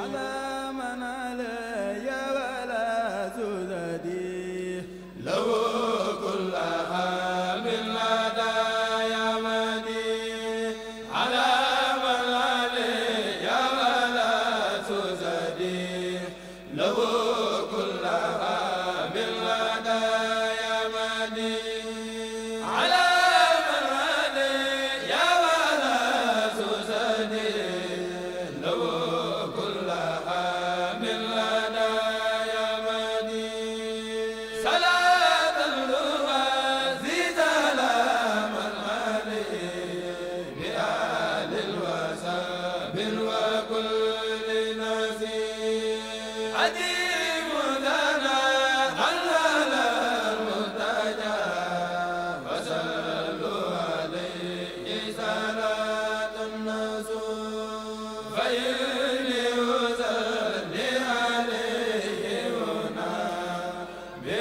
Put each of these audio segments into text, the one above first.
ala bi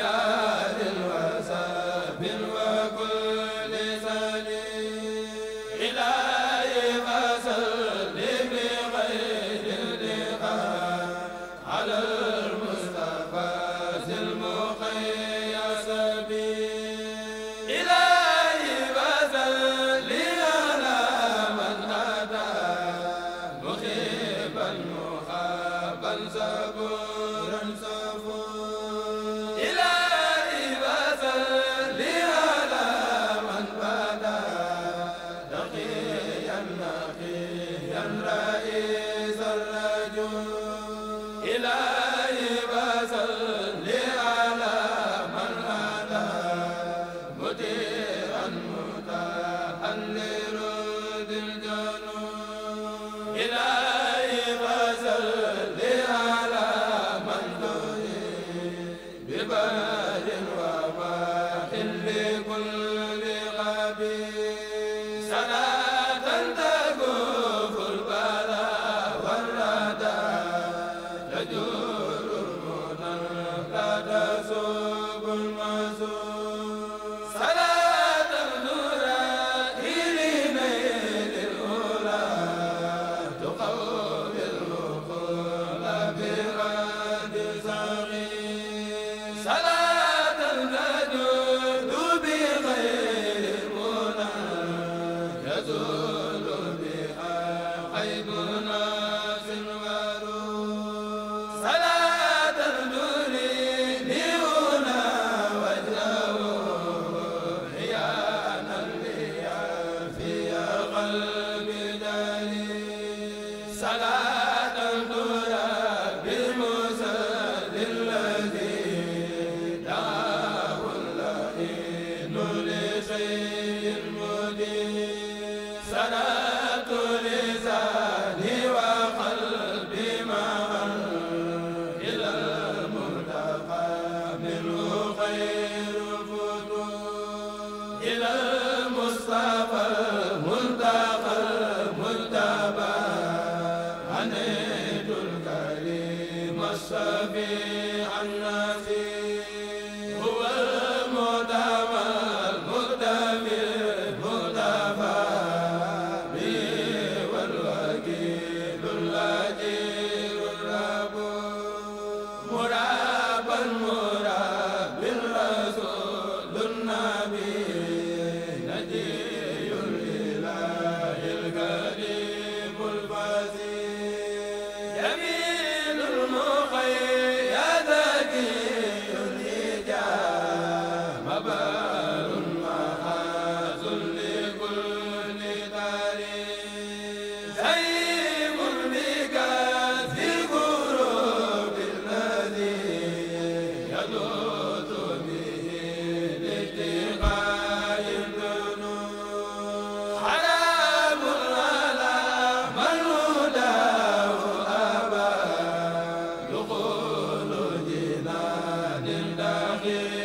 Azul حنيت الكريم السبيع النذير Amen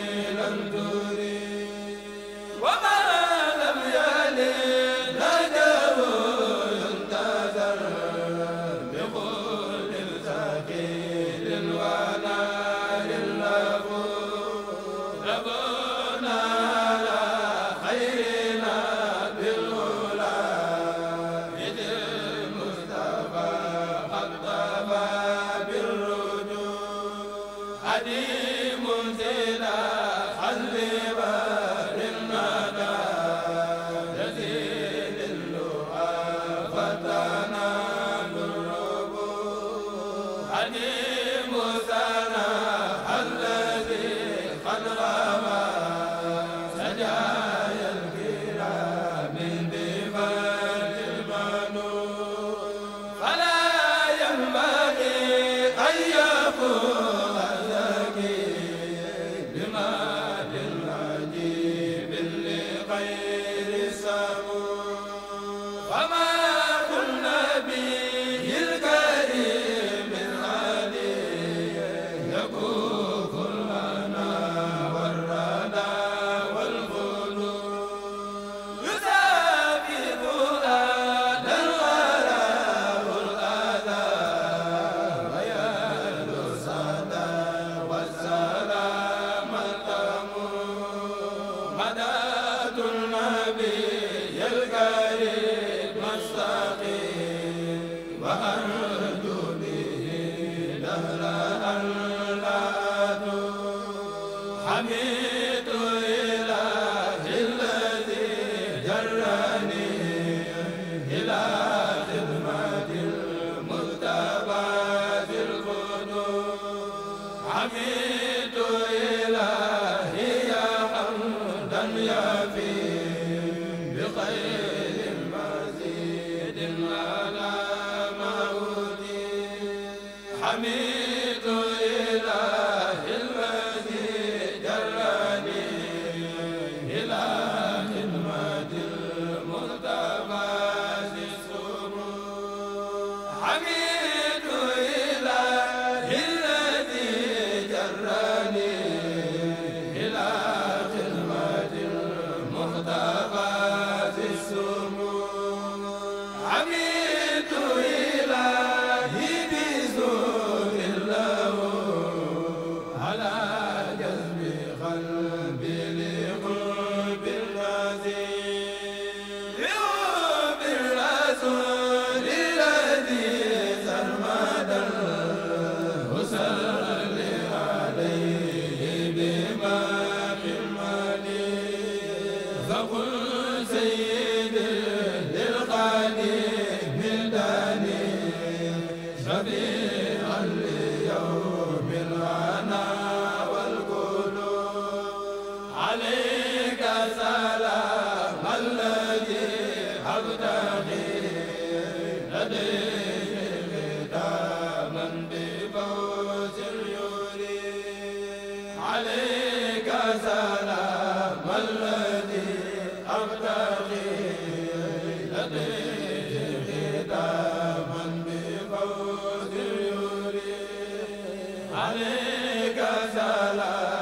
la Jamais alayka salaam